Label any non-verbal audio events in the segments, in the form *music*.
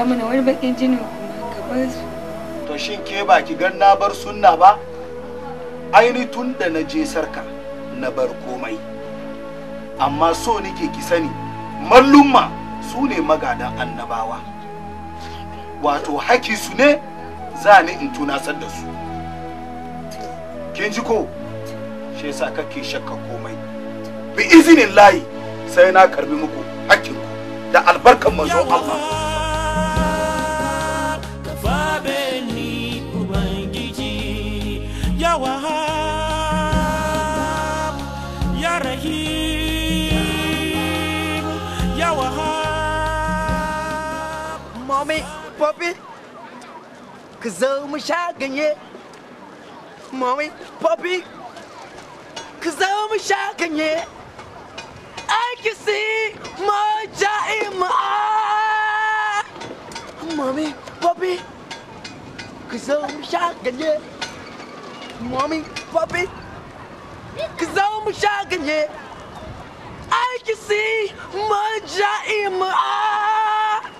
ja mana wani bakin jinin to shin ke ba ki gan na bar sunna ba aini tun da na je sarka na bar komai amma so nike ki sani mallumma su ne magadan annabawa wato haki su ne za ni in tunasar da su kin ji ko shi yasa kake shakka komai bi izinin layi sai na karbi muku hakkinku da albarkan manzon Allah يا وهاب يا رهيب يا وهاب مامي بابي Kızılmış her günü Mami, papi Kızılmış her günü Herkesi Macayım ah. Mami, papi Kızılmış her günü mommy, puppy. Cause I'm a shotgun, yeah. I can see my giant in my eye.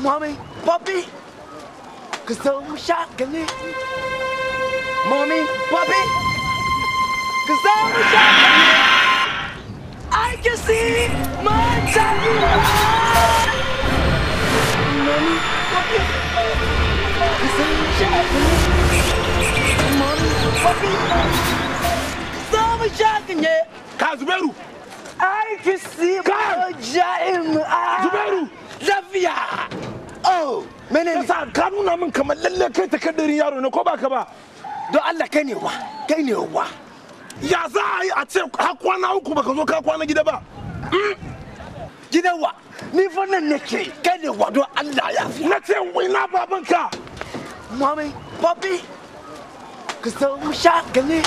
Mommy, puppy. Cause I'm a shotgun, yeah. Mommy, puppy. Cause I'm a shotgun, yeah. I can see my giant in my eye. Mommy, puppy. Cause I'm a shotgun, yeah. kwafi za mu sha ganye ka Zubairu Lafiya ne ka nuna min kamar lalle kai takaddarin yaro ne ko baka ba don Allah kai ne wa kai ne wa ya za a yi a ce ha kwana uku baka zo ka kwana gida ba hmm? gidan wa ni fa ne nake kai ne wa don Allah ya fi na ce wai na babanka mami papi Cause old shotgun it.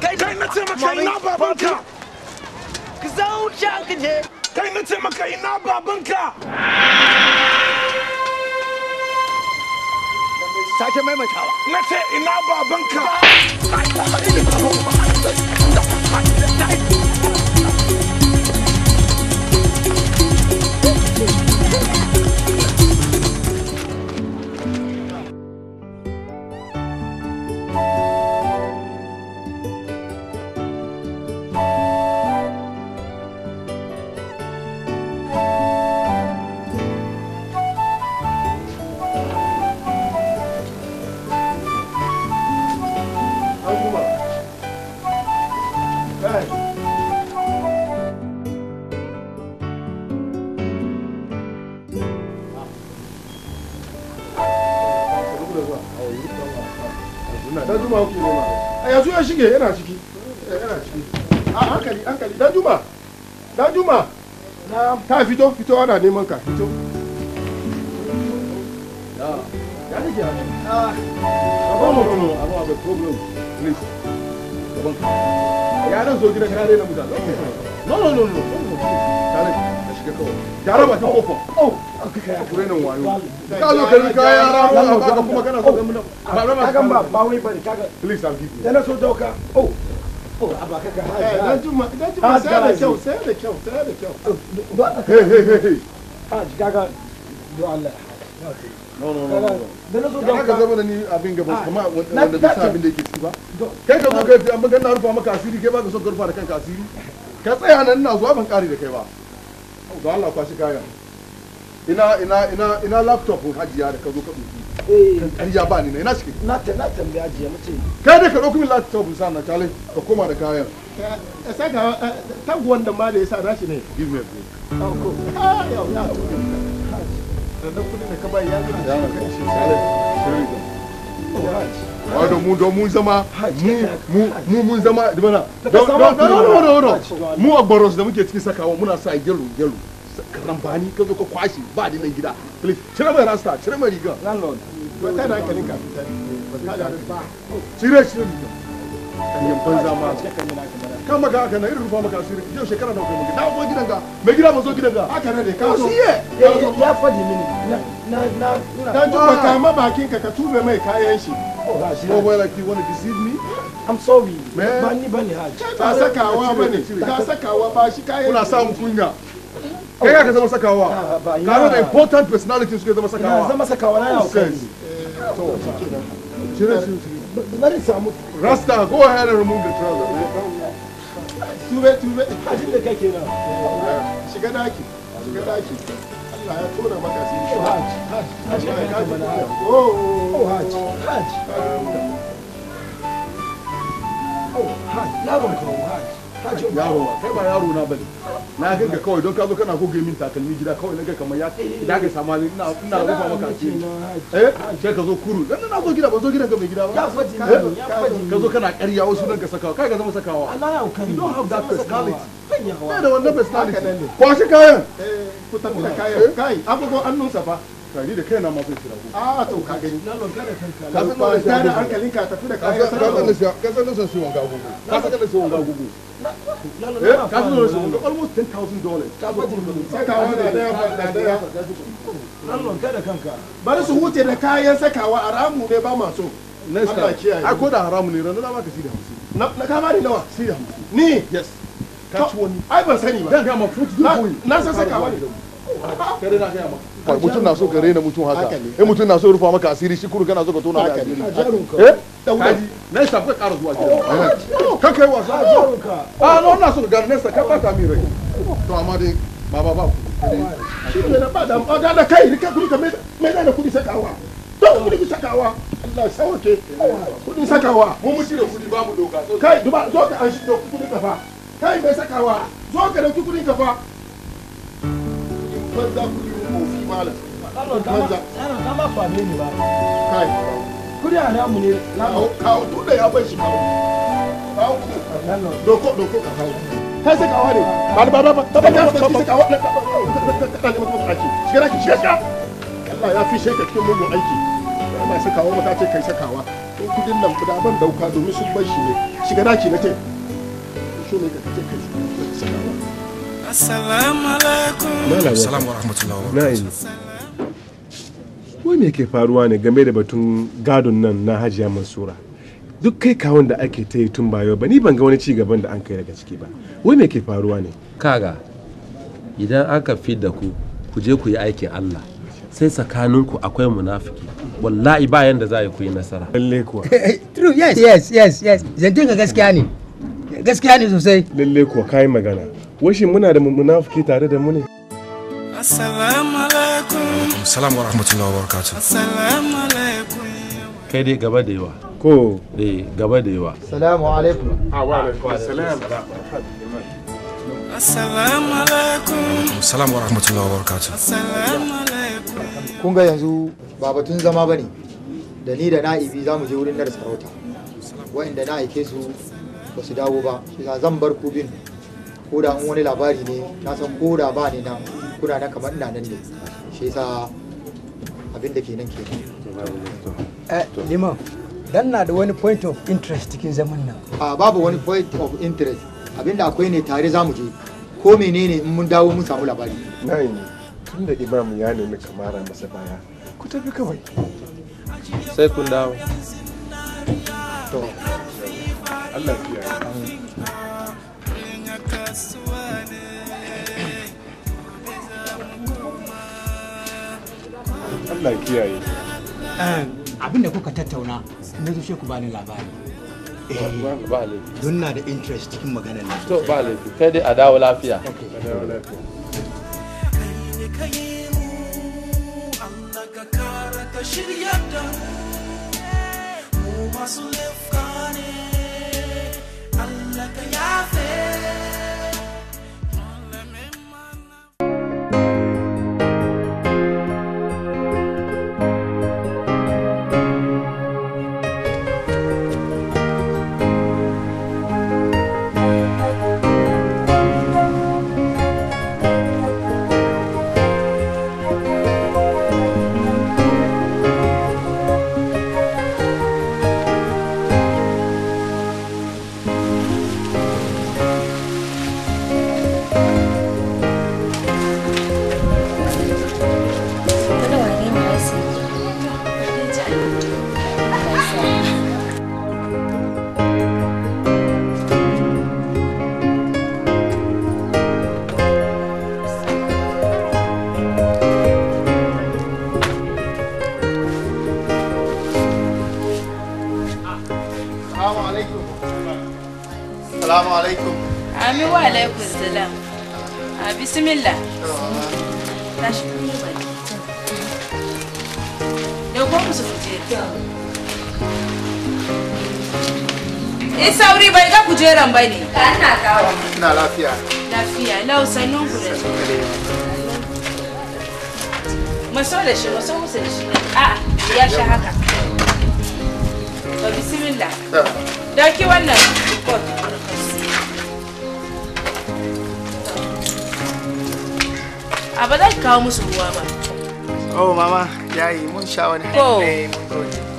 Kai na tema kai na babanka. Cause old shotgun it. Kai na tema kai na babanka. Sake maimaitawa. Na ce ina babanka. shige yana ciki eh, yana ciki a hankali hankali juma ta fito fito ana neman ka fito oh, oh. kurenin wayo ka zo a kuma nan a asiri ka ina zuwa ban kare da kai ba don Allah kwashi kayan ina ina ina ina laptop hajiya da ka zo ka eh. kan ƙarya ba ni na ina shi na ta na tambaye hajiya mace kai da ka dauki min laptop sa na kale ka koma da kayan saka tag d'a ma da yasa shi ne give me a break ah, ko ah ya ya da kudi ne ka ba ya gina ya ga shi sai sai ga mu mu mu mu mun zama mu mu mun zama da bana don don don mu mu da muke cikin sakawa muna sa gelu gelu karan bani ka zo ka kwashe ba ni nan gida please cire mai rasta cire mai riga landlord ba ta da hankalin ka ba ta da ba cire shi riga yan banza ma kan maka haka na irin rufa maka asiri yau shekara nawa kai maka dawo gidan ka mai gida ba gidan ka haka ne ka zo ya faɗi mini na na na duba ka ma bakin ka ka tube mai kayan shi oh well oh, like you want to deceive me I'm sorry. Bani bani hajj. Ka sakawa bane. Ka sakawa ba shi kayan. Kuna samun kunya. kai ya ka zama sakawa ah, kawo da important personality suke zama sakawa zama sakawa na yau kai eh, to cire su bari samu rasta go ahead and remove the trouser tube tube hajji da kake na shiga daki shiga daki Allah ya tona maka sai hajj hajj oh hajj hajj oh. oh hajj ya um. oh, ban kawo Haji. yaro kai ba yaro na bane na ga kawai don ka zo kana goge min takalmi gida kawai naga kamar ya da ka samu ina ina rufa maka asiri eh sai ka zo kuru dan na zo gida ba zo gidan ka mai gida ba ya faji eh, ka zo kana ƙarya wasu nan ka sakawa kai ka zama sakawa Allah ya hauka you have that personality kai da wannan personality kayan eh kutan kayan eh? kai abubuwan annunsa fa tari da kai na masu kira ku a to ka gani na lonka da kanka ka san da hankalin ka tafi da kai ka san ka san da wanga ka san da wanga ka san da wanga eh, almost 10000 dollars ka san da daya da daya kanka bari su huce da kayan sakawa a ramu ne ba ma so next time ai ko da haramu ne ba ka si da na nawa si da ni yes ka ci wani ai ban sani ba dan ga ma fruit na san sakawa ne kare na gaya maka mutum na so ka rena mutum haka eh mutum na so rufa maka asiri shi kuru kana so ka tona maka asiri eh dauda na sa ka ƙara zuwa gida ka kai wasa jarunka a ah, no na so ka gane sa ka bata mi rai to amma dai ba ba ba shi ne na ba da ba da kai ka kuri ka mai da kudi sakawa to kudi sakawa Allah sauke kudi sakawa mu mu shirye kudi ba mu doka kai duba zo ka an shi doka kudi kafa kai mai sakawa zo ka dauki kudi kafa banza tu yi kofi a bai doko doko ka kawo kai da aiki sakawa kudin nan guda ban dauka domin sun bar shi ne shiga na na ce shi ne ka ce kai sakawa Assalamu alaikum. Assalamu alaikum. Wai me ke faruwa ne game da batun gadon nan na Hajiya Mansura? Duk kai kawon da ake ta yi tun bayo ba ni ban ga wani ci gaban da an kai daga ciki ba. Wai me ke faruwa ne? Kaga idan aka fi da ku ku je ku yi aikin Allah sai tsakaninku akwai munafiki wallahi ba yanda za ku yi nasara. Lalle kuwa. *laughs* True yes yes yes yes. Zantin ka gaskiya ne. Gaskiya ne sosai. Lalle kuwa kai magana. washin muna da munafiki tare da mu ne assalamu alaikum assalamu wa rahmatullahi assalamu alaikum kai dai gaba da yawa ko eh gaba da yawa assalamu alaikum ah, wa alaikum assalam assalamu alaikum assalamu wa rahmatullahi wa assalamu alaikum kun ga yanzu ba batun zama bane da ni da na'ibi za mu je wurin da sarauta wa'inda na aike su ba su dawo ba shi zan bar ku bin ko da wani labari ne na san ko da ba ne nan kuna na kamar ina nan ne shi yasa abin da kenan ke eh, liman dan na da wani point of interest cikin zaman nan a babu wani point of interest abin da akwai ne tare za mu je ko menene in mun dawo mun samu labari nayi tun da imam ya nemi kamara masa baya ku tafi kawai sai kun dawo to Allah ya kiyaye Allah kiyaye eh, abin da kuka tattauna na zo shi ku bani labari don na da interest cikin magana ne to ba laifi kai dai a dawo lafiya shirya da masu lifka ne Allah ka yafe A ba zan kawo musu ruwa ba. Oh mama, yi mun sha wani hanya. Oh, eh,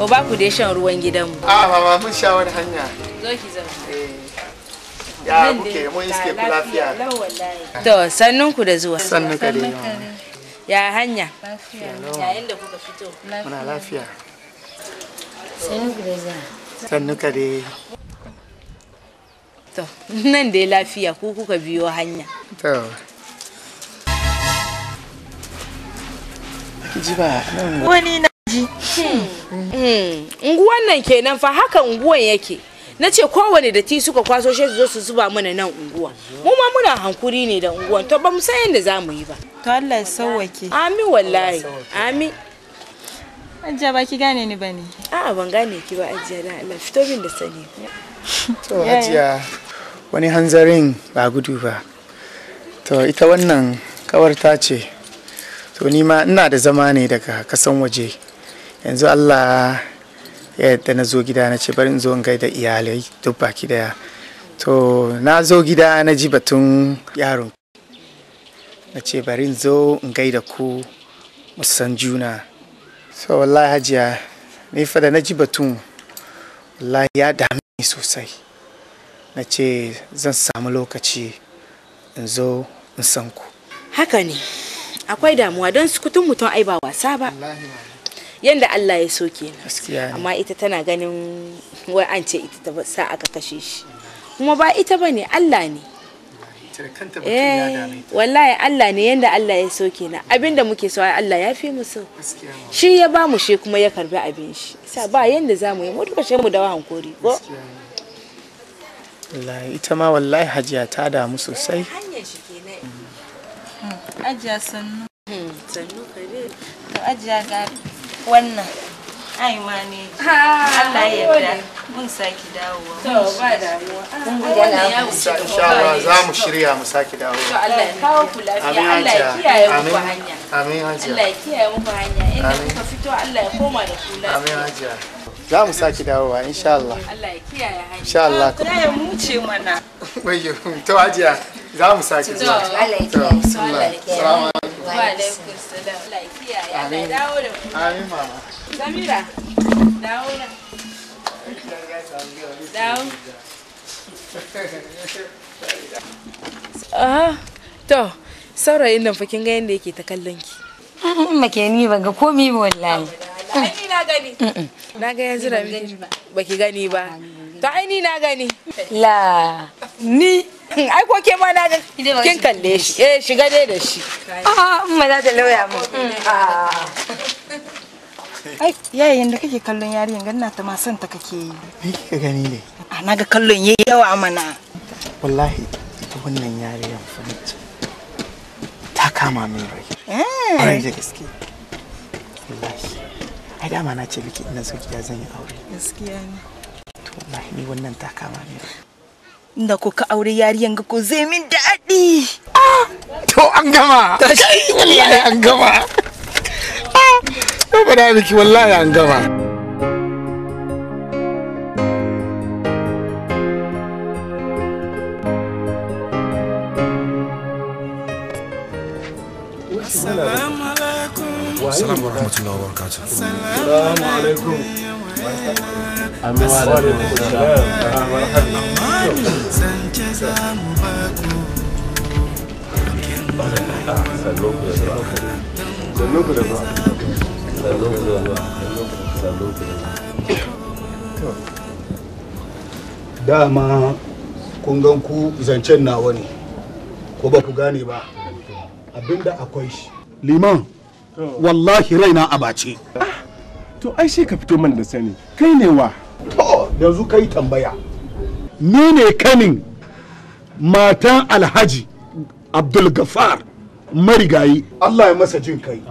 ba ku dai shan ruwan mu. A ah, mama mun sha wani hanya. Zo ki eh. Ya kuke mun iske ku lafiya. To sannun ku da zuwa. Sannun Ya hanya. Yayin da kuka fito. Muna lafiya. Sannun ku da zuwa. Sannun ka dai. To *laughs* nan dai lafiya ku kuka biyo hanya. To. ji ba wani na ji hmm. hmm. wannan kenan fa haka unguwan yake na ce kowane da ti suka kwaso shi su zo su zuba mana nan unguwa mu ma muna hankuri ne da unguwan to ba mu san yadda za mu yi ba to Allah ya sauwake amin wallahi amin Ajiya ba ki gane ni bane. A'a ban gane ki ba ajiya da Allah fito min da sani. To ajiya wani hanzarin ba gudu ba. To ita wannan kawar ta ce to ni ma ina da zama ne daga kasan waje yanzu allah ya yadda na zo gida na ce bari in zo in gaida iyalai duk baki daya to na zo gida na ji batun yaron na ce bari in zo in gaida ku musan juna so wallahi hajiya ni fa da na ji batun wallahi ya dami sosai na ce zan samu lokaci in zo in san ku haka ne akwai damuwa don sukutun mutum ai ba wasa ba yanda Allah ya soke kenan amma ita tana ganin wai an ce ita ta sa aka kashe shi kuma ba ita bane Allah ne eh, wallahi Allah ne yanda Allah ya so kenan abinda muke so Allah ya fi mu so shi ya ba mu shi kuma ya karbi abin shi sa ba yanda zamu yi mu duka mu da hankuri ko wallahi ita ma wallahi hajiya ta damu sosai ajiya sannu hmm, sannu kare to ajiya ga wannan ai ma ne Allah ya yarda mun saki dawowa to ba damuwa ah, mun gode na insha Allah za mu shirya mu saki dawowa to Allah ya kawo ku lafiya Allah ya kiyaye muku hanya amin ajiya. Allah ya kiyaye muku hanya inda kuka fito Allah ya koma da ku lafiya amin za mu sake dawowa insha Allah Allah ya kiyaye hanya insha Allah ah, ku ya mu ce mana *laughs* to ajiya. za mu sake zuwa salamu alaikum wa alaikum salam lafiya ya dawo da mu amin mama samira dawo na dawo Aha, to, saurayin nan fa kin ga yadda yake ta kallon ki. Make *laughs* ni ban ga komai ba wallahi. Ai na gani. Na ga yanzu da baki gani ba. To ai ni na gani. La, ni ai ko ke ma na kin kalle shi eh shiga dai da shi ah, ah in ma za ta lauya mu mm. ah. Ah. ai yayin da kake kallon ga ina ta ma son ta kake yi ai ka gani ne a ga kallon yayi yawa mana wallahi ita wannan yarinyar fahimta ta kama min rai eh. ai da gaske wallahi ai dama na ce miki ina so ki zan yi aure gaskiya ne to wallahi ni wannan ta kama min rai inda ko ka aure yariyan ga ko zai min daɗi to an gama wallahi an gama ah, ba da miki wallahi an gama Assalamu alaikum. Assalamu Assalamu alaikum. Assalamu alaikum. ce za mu ba dama kun gan ku zancen nawa ne ko ba ku gane ba abinda akwai shi liman wallahi raina a bace to ai sai ka fito man da sani kai ne wa to yanzu kai tambaya ni ne kanin matan alhaji abdul gafar marigayi allah ya masa jin kai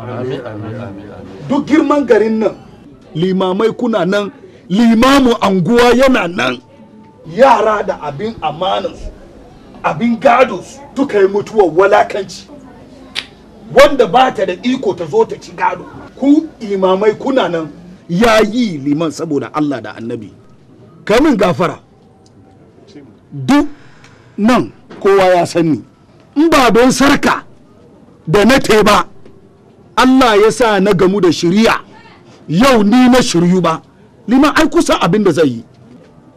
duk girman garin nan limamai kuna nan limamu anguwa yana nan yara da abin amanansu abin gados duka yi mutuwar walakanci wanda ba ta da iko ta zo ta ci gado ku imamai kuna nan ya yi liman saboda allah da annabi kamin gafara duk nan kowa ya sani in ba don sarka da na te ba Allah ya sa na gamu da shirya yau ni na shiryu ba liman ai kusa abin da zai yi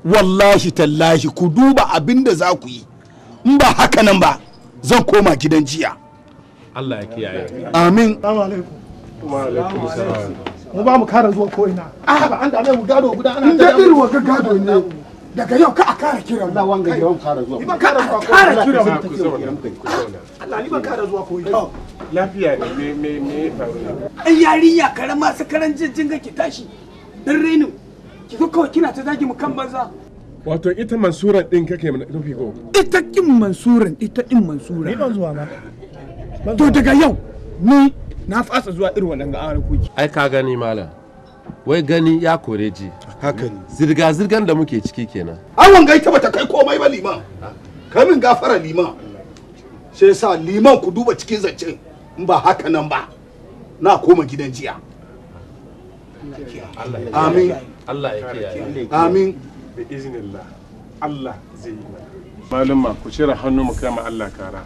wallahi tallahi ku duba abin da za ku yi in ba haka nan ba zan koma gidan jiya Allah ya kiyaye amin mu ba mu kara zuwa ko ina a ah, ba an da mai gado guda ana da irin wa gado ne daga yau ka a kara kira na wanga da yawan fara zuwa ban kara zuwa kara kira ma ku zauna Allah ni ban kara zuwa ko to lafiya ne me me me faru ai yarinya karama sakaran jinjin ki tashi dan renu ki zo kawai kina ta zagi mu kan banza wato ita mansuran din kake nufi ko ita kin mansuran ita din mansuran ni ban zuwa ma to daga yau ni na fasa zuwa irin wannan ga an kuki ai ka gani malam wai gani ya kore ji haka ne zirga-zirgan da muke ciki kenan awon gaita bata kai komai ba liman kamin gafara liman sai sa liman ku duba cikin zancen in ba haka nan ba na koma gidan jiya amin Allah ya kiyaye amin bi iznillah Allah zai yi malama ku cire hannu mu kama Allah kara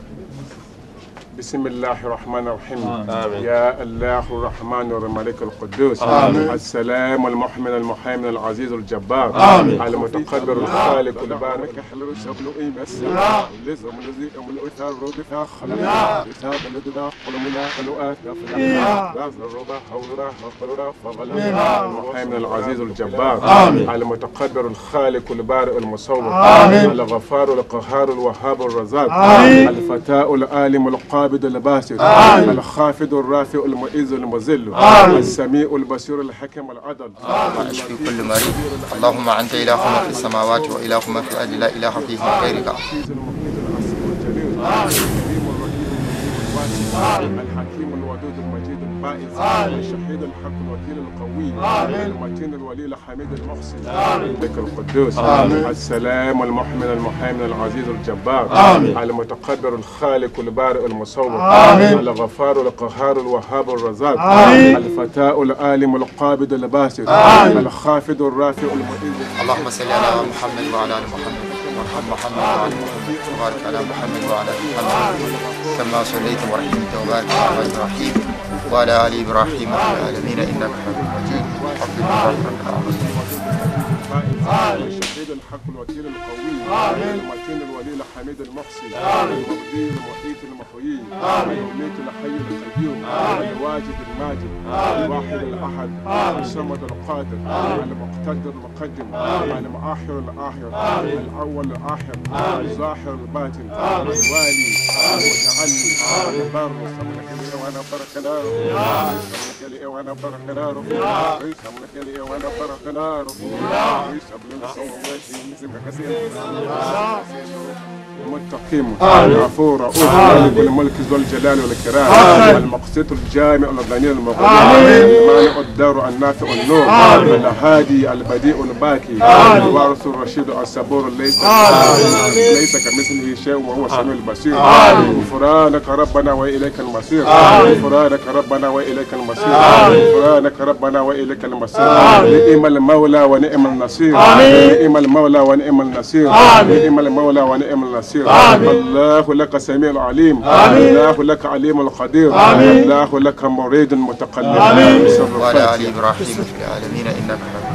بسم الله الرحمن الرحيم آمين. يا الله الرحمن الملك القدوس آمين. السلام المحمن المحامي العزيز الجبار آمين. المتقدر الخالق البارك احلل الشغل ايمس لزم لزيء والاثار ربك خلق كتاب لدنا قلمنا قلوات لازم الربا المحامي العزيز الجبار آمين. المتقدر الخالق البارئ المصور آمين. الغفار القهار الوهاب الرزاق الفتاء العالم القادر القابض الباسط آمين الخافض الرافع المعز المذل آمين السميع البصير الحكم العدل آمين اشفي كل مريض اللهم أنت إله ما في السماوات وإله ما في الأرض لا إله فيه من غيرك الحكيم الودود المجيد البائس الشهيد الحق الوكيل القدير الاولين آمين المتين الولي الحميد المحسن آمين لك القدوس آمين السلام المحمل المحامي العزيز الجبار آمين المتقدر الخالق البارئ المصور آمين الغفار القهار الوهاب الرزاق آمين الفتاء العالم القابض الباسط آمين الخافض الرافع المؤيد اللهم صل على محمد وعلى ال محمد وارحم محمد وعلى محمد وبارك على محمد وعلى ال محمد كما صليت ورحمت وبارك على ابراهيم وعلى آل إبراهيم في العالمين إنك حميد مجيد الحمد لله رب الشهيد الحق الوكيل القوي آمين الولي الحميد المحسن آمين المغذي المحيط المحيي آمين الميت الحي القيوم آمين الواجد الماجد آمين الواحد الأحد آمين الصمد القادر آمين المقتدر المقدم آمين المآخر الآخر آمين الأول الآخر آمين الظاهر الباطن آمين الوالي آمين المتعلي آمين البر لي وانا فرخنارو يسمك لي وانا فرخنارو يسمك لي وانا فرخنارو يسمك لي وانا فرخنارو يسمك لي وانا فرخنارو المتقيم غفور رؤوف مالك الملك ذو الجلال والكرام المقسط الجامع الغني المقبول المانع الدار النافع النور الهادي البديع الباكي الوارث الرشيد الصبور ليس ليس كمثله شيء وهو السميع البصير غفرانك ربنا واليك المصير غفرانك ربنا واليك المصير غفرانك ربنا واليك المصير نعم المولى ونعم النصير نعم المولى ونعم النصير نعم المولى ونعم النصير يسيرا آمين الله لك سميع العليم آمين الله لك عليم القدير آمين الله لك مريد متقلب آمين صلى الله عليه وسلم في العالمين إنك حميد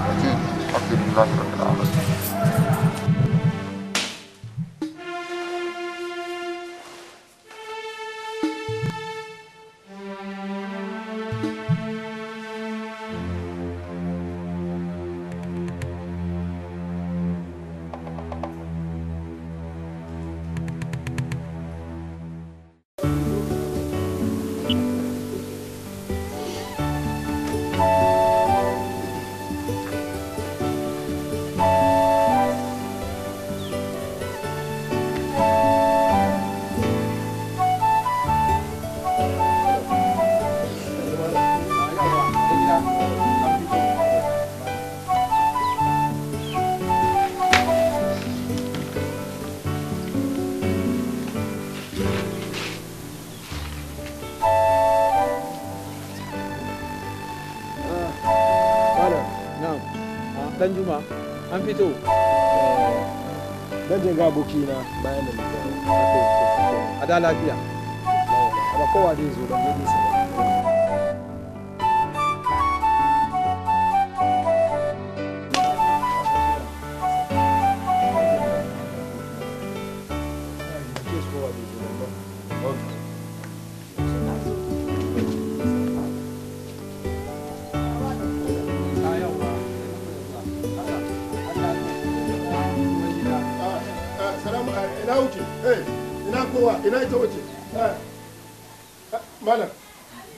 juma an fito dan eh, je ga aboki na bayan da a da lafiya ba kowa zai zo don gani ina ita wace eh. malam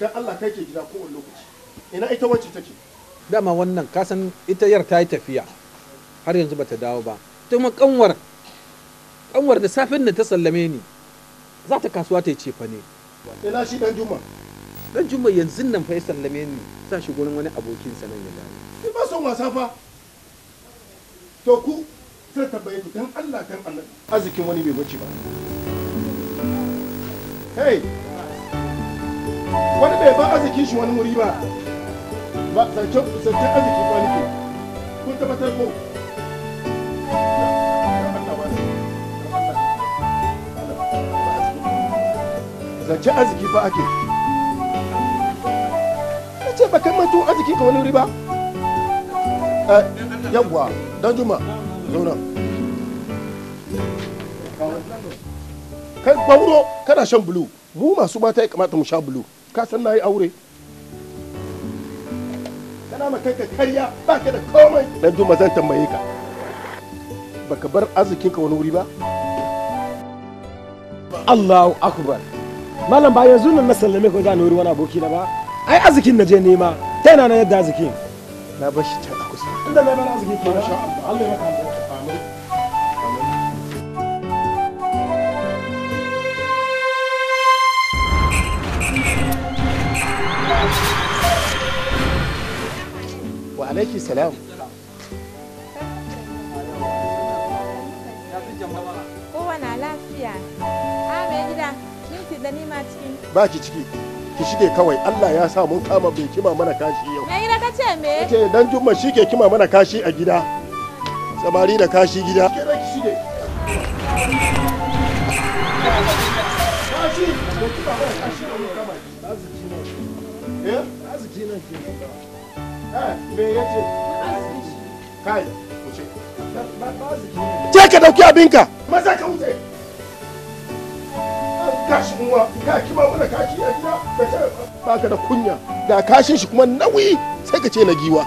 dan Allah kai ke gida kowane lokaci ina ita wace take dama wannan kasan ita yar ta yi tafiya har yanzu bata dawo ba ta kuma kanwar kanwar da safin da ta sallame ni za ta kasuwa ta yi cefa ne ina shi dan juma dan juma yanzu nan fa ya sallame ni sa shi gurin wani abokin sa nan ya dawo ni ba son wasa fa to ku sai tabbaye dan Allah dan Allah arzikin wani bai wuce ba hey wani bai ba arzikin shi wani muri ba ba zancen arziki ba nake kun tabbatar ko zancen arziki ba ake na ce ba kai mantu arziki ka wani wuri ba eh, yawwa don juma zauna kai gwauro kana shan bulu mu masu mata ya kamata mu sha bulu ka san na yi aure kana ma kai ka karya ba ka da komai dan juma zan tambaye ka baka bar arzikin ka wani wuri ba Allahu akbar malam ba yanzu nan na sallame ko ni wuri wani aboki na ba ai arzikin na je nema ta yana na yadda arzikin na bar shi can a kusa inda na bar arziki ke Allah ya maka wa alaiki salam kowane lafiya a gida minti da nima cikin ba ki ciki ki shige kawai Allah ya sa mun kama bai kima mana kashi yau mai gida ka me ke dan juma shi ke kima mana kashi a gida samari da kashi gida kashi Je ka dauki abinka. Maza ka wuce. Kashi uwa, ka kima mana kashi a gida, ka da kunya, ga kashin shi kuma nauyi sai ka ce na giwa.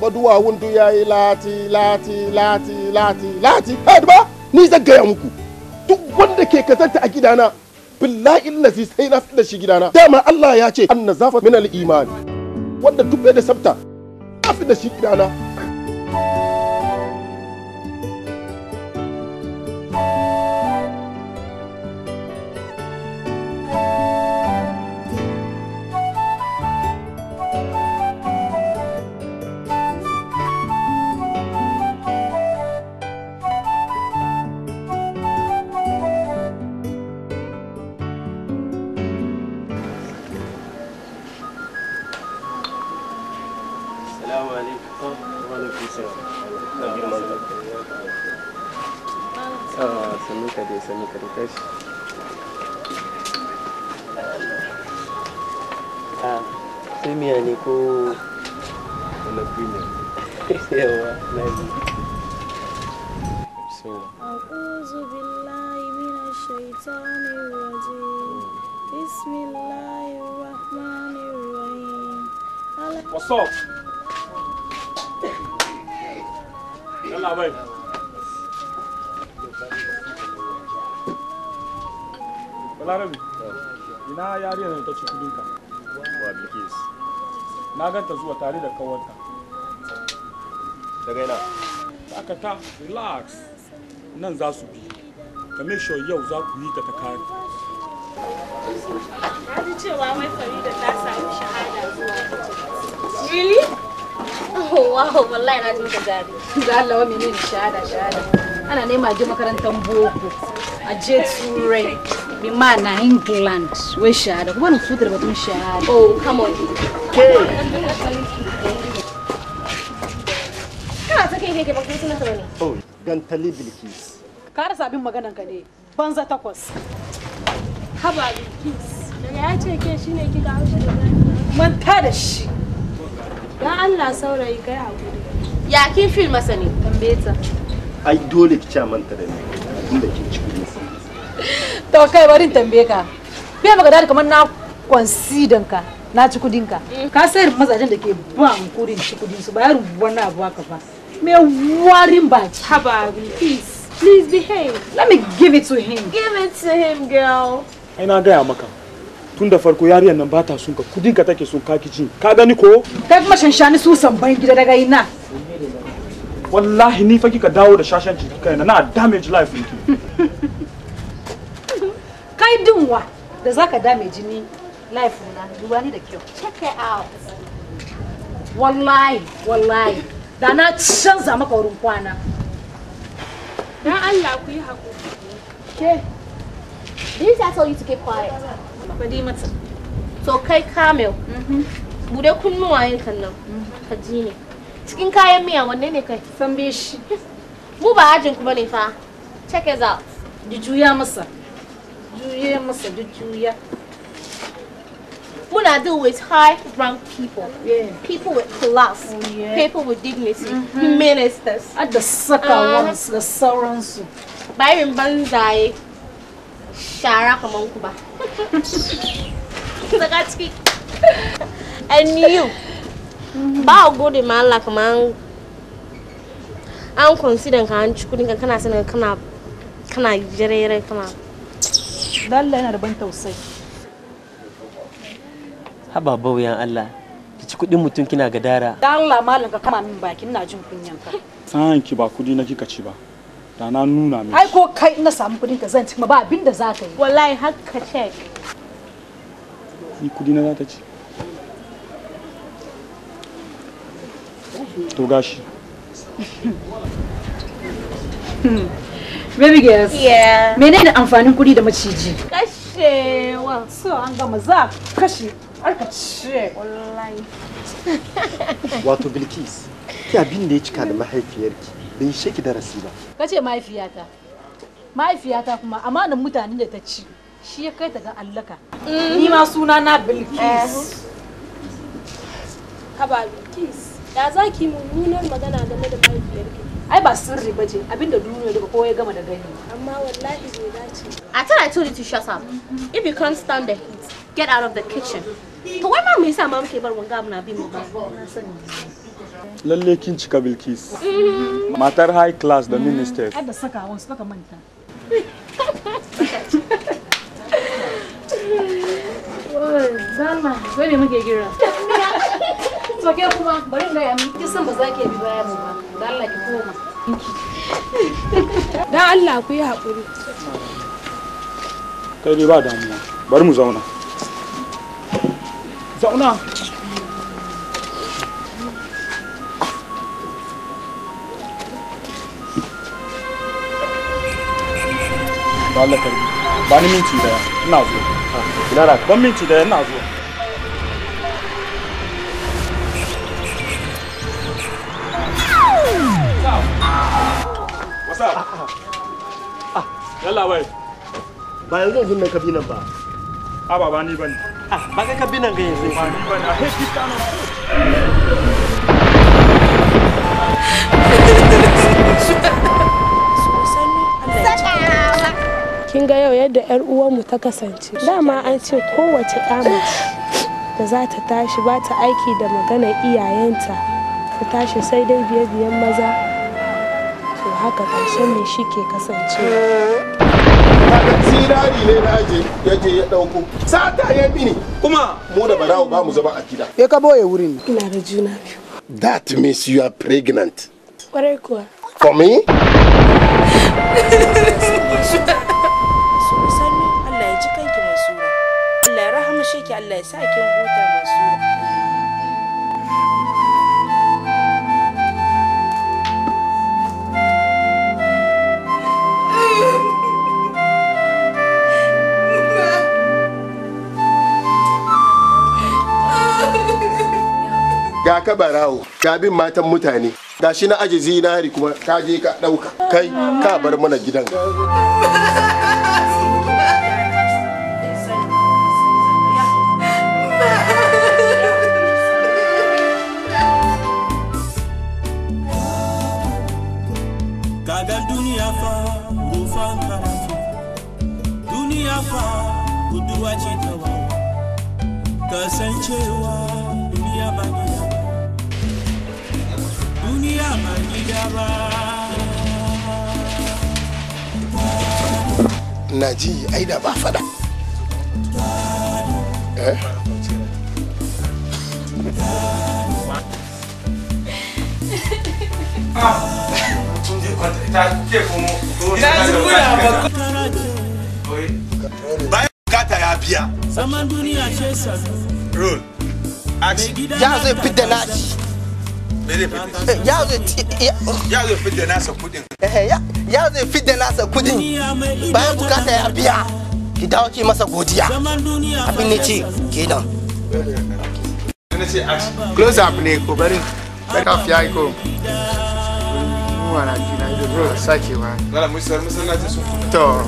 ba duwawun duk yayi lati lati lati lati lati had ba ni zan gaya muku duk wanda ke kazanta a gidana billahi lazi sai na fitar da shi gidana dama Allah ya ce an nazafa min al-iman wanda duk bai da sabta na fitar da shi gidana Premier ni ko na Premier. Yawa, naji. Bismillah. A'udhu billahi minash shaitani rajim. Bismillahir rahmanir What's up? Yalla bai. Balarabi. Ina yariyar ta ci kudinka. Wa Bilkis. na ganta zuwa tare da kawanta daga ina aka ta relax nan za su bi ka make sure yau za ku yi ta ta kare na ji cewa wai farida ta samu shahada zuwa really oh wow wallahi na ji maka jari da Allah wa menene shahada shahada ana nema je makarantar boko a jet turai bi mana England wai shahada kuma na fitar oh come on ke kana ta kai kai ba kai suna ta bane oh gantali bilkis ka rasa maganan ka ne banza takwas haba bilkis daga ya ce ke shine ki ga haushi da manta da shi dan Allah saurayi kai hakuri ya kin fil masa ne ta ai dole ki ci manta da ni tun da kin ci to kai barin tambaye ka bai maka dadi kamar na consider ka na ci kudin ka mm. ka sayar mazajen da ke ba mu kudin ci kudin su ba yaron wani abu haka ba me warin baki haba please please behave let me give it to him give it to him girl ai na gaya maka tun da farko yariyar nan ba ta sunka, kudin ka take sun kaki jin ka gani ko kai kuma shanshani su ban gida daga ina wallahi ni fa kika dawo da shashanci kai na na damage life ɗinki *laughs* kai wa da zaka dame jini life na duba ni da kyau check it out wallahi wallahi da na canza maka wurin kwana dan Allah ku yi hakuri ke did I tell you to keep quiet Fadimata so kai Kamel mm-hmm. bude kunnuwayen kan nan mm-hmm. ka ji ne cikin kayan miya wanne ne kai san be shi mu ba ajin ku bane fa check it out ji juya masa juye masa when I deal with high rank people, yeah. people with class, oh, yeah. people with dignity, mm -hmm. ministers. At the sucker uh, ones, the sorrows. Byron Banzai, Shara Kamankuba. and you, how good in my like man. I'm considering can not you couldn't can I send a can I can I generate can I da Allah yana da ban tausayi haba bauyan Allah ki ci kuɗin mutum kina gadara da Allah malam ka kama min baki ina jin kunyan ka san ki ba kudi na kika ci ba da na nuna miki ai ko kai na samu kudin ka zan ci ba abin da za ka yi wallahi har ka ce ni kudi na za ta ci to gashi Hmm. Baby girls. Yeah. Menene amfanin kuɗi da maciji? Kashewa. So an gama za kashe. Arka ce wallahi. Wato Bilkis, ki abin da ya cika da mahaifiyarki bai ishe ki darasi ba. Kace mahaifiyata. Mahaifiyata kuma amanan mutanen da ta ci shi ya kai ta ga allaka. Mm. Ni ma suna na Bilkis. Kaba Bilkis. Ya zaki mummunar magana game da mahaifiyarki. ai ba sirri ba ce abinda duniya duka kowa ya gama da gani amma wallahi bai dace i tell i told you to shut up if you can't stand the heat get out of the kitchen to wai ma me yasa ma muke bar wanga muna bin mu ba na sani lalle kin cika bilkis matar high class da minister ai da saka wasu baka manta Zama, *laughs* wai me muke gira? *laughs* to ke kuma bari Allah ku yi hakuri kai dai ba damuwa bari mu zauna zauna Allah ba ni minti daya ina zo ina ra ban minti daya ina zo Yalla bai. Ba yanzu zan nan kabi ba. A ba ni bane. Ah, ba kai kabi ga yanzu. Ba ni bane. A ah, heki ta Kin ga yau yadda 'yar uwanmu ta kasance. Dama an ce kowace mace da za ta tashi ba ta aiki da magana iyayenta ta tashi sai dai biye biyan maza to haka ƙarshen ne shi ke kasancewa sirari ne na je ya je ya dauko sata ya bini kuma mu da barawo ba mu zama a gida ya ka wurin ina da juna that means you are pregnant kuwa for me Allah ya ji kanki masura Allah ya rahama shi Allah ya sa huta ga ka barawo ga bin matan mutane ga shi na aji zinari kuma ka je ka ɗauka kai ka bar mana gidan Kagan duniya fa kasancewa na ji ai da ba fada eh bayan bukata ya biya zaman duniya ce sabu rule action ya zai fidda naci Eh, ya zai fidda nasa kudin eh, ya zai fidda nasa kudin bayan bukata ya biya ki dawo ki masa godiya abin ne ce ah, close up ne ko bari ka ya ko wana kina ido bro sake wa na su to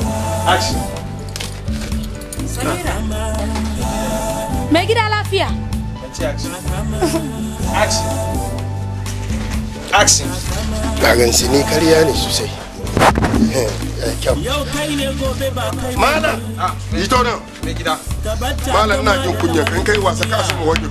mai gida lafiya action *laughs* action taxi kagan ni kariya ne sosai Malam, ito nan. Me gida. Malam ina jin kunya kan kai wasa ka wanke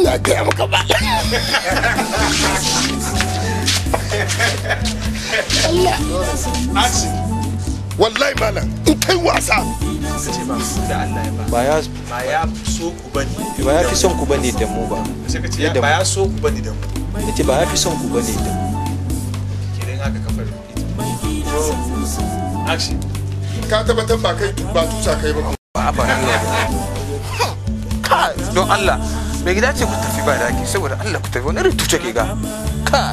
Na kai maka ba. *laughs* Allah action wallahi malam in kai wasa ba ya ba ba ya fi son ku bane da mu ba ba ya ba ya fi son ku bane da mu ka tabbatar ba kai ba tusa kai ba ba ba don Allah bai gida ce ku tafi ba daki saboda Allah ku tafi wani ke ga kai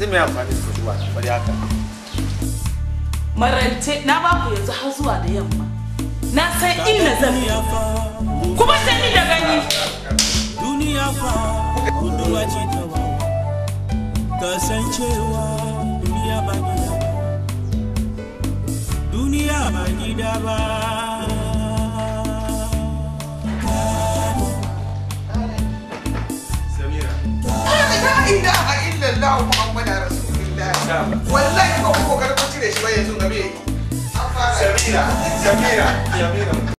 sai mai amfani da zuwa na bari haka marance na ba ku yanzu har zuwa da yamma na san inda zan kuma sai ni da gani duniya fa kuduwa ce ta ba ka san cewa duniya ba ni duniya ba da ba Samira. Ah, Allahu Muhammadu Rasulullah wallahi ba ku kokarin ku cire shi ba yanzu game Samira Samira Samira